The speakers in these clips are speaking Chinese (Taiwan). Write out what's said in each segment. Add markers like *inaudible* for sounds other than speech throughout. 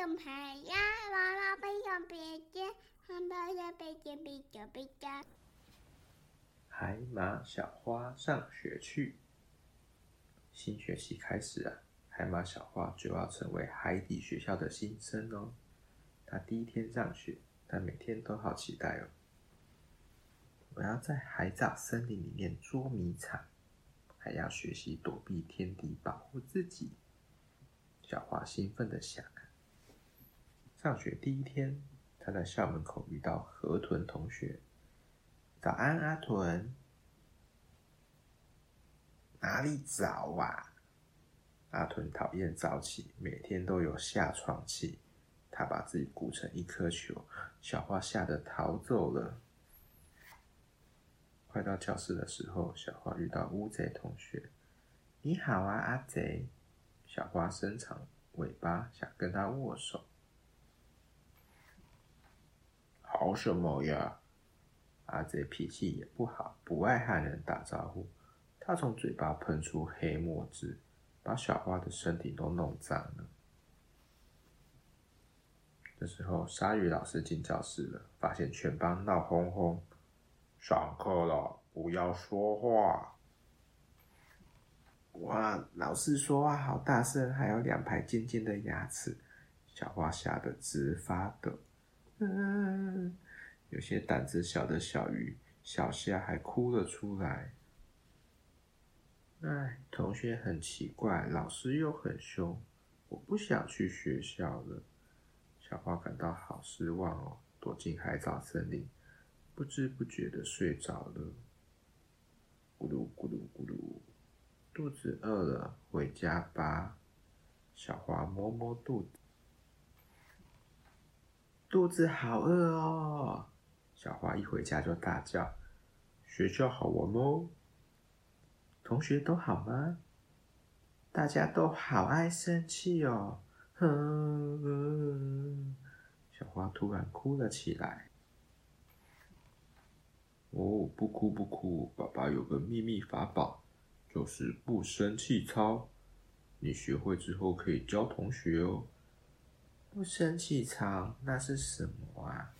海馬小花上學去，新學期開始了，海馬小花就要成為海底學校的新生哦。他第一天上學，他每天都好期待哦。我要在海藻森林裡面捉迷藏，還要學習躲避天敵，保護自己。小花興奮地想。上學第一天，他在校門口遇到河豚同學。“早安，阿豚！”“哪裡早啊？”阿豚討厭早起，每天都有下床氣。他把自己鼓成一顆球，小花嚇得逃走了。快到教室的時候，小花遇到烏賊同學。“你好啊，阿賊！”小花伸長尾巴想跟他握手。好什麼呀！阿賊、啊、脾氣也不好，不愛和人打招呼。他從嘴巴噴出黑墨汁，把小花的身體都弄髒了。這時候，鯊魚老師進教室了，發現全班鬧哄哄，上課了，不要說話！哇，老師說話好大聲，還有兩排尖尖的牙齒，小花嚇得直發抖。嗯， *laughs* 有些膽子小的小魚、小蝦還哭了出來。哎，同學很奇怪，老師又很凶，我不想去學校了。小花感到好失望哦，躲進海藻森林，不知不覺的睡着了。咕嚕咕嚕咕嚕，肚子餓了，回家吧。小花摸摸肚子。肚子好餓哦！小花一回家就大叫：“學校好玩哦？同學都好嗎？大家都好愛生氣哦！”哼！小花突然哭了起來。哦，不哭不哭，爸爸有個秘密法寶，就是不生氣操。你學會之後可以教同學哦。不生氣操，那是什麼啊？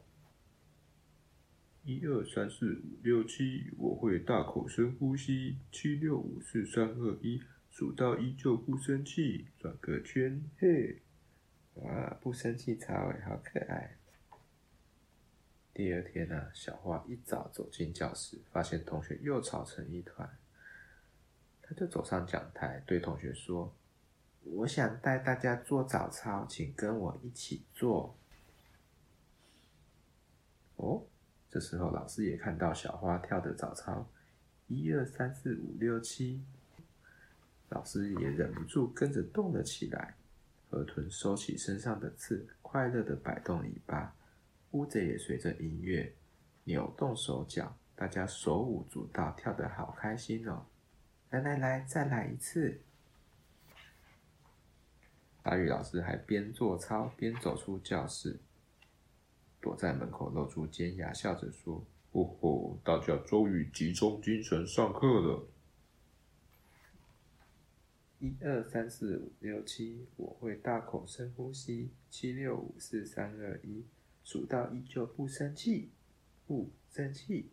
一二三四五六七，我會大口深呼吸。七六五四三二一，數到一就不生氣，轉個圈嘿！哇，不生氣操，好可愛。第二天呢、啊，小花一早走進教室，發現同學又吵成一團，他就走上講台，對同學說。我想帶大家做早操，請跟我一起做。哦，這時候老師也看到小花跳的早操，一二三四五六七，老師也忍不住跟着動了起來。河豚收起身上的刺，快樂的擺動尾巴。烏賊也隨着音樂扭動手腳，大家手舞足蹈，跳得好開心哦！來來來，再來一次。阿宇老師還邊做操邊走出教室，躲在門口露出尖牙，笑着說：“哦吼，大家終於集中精神上課了。”一二三四五六七，我會大口深呼吸。七六五四三二一，數到一就不生氣，不生氣。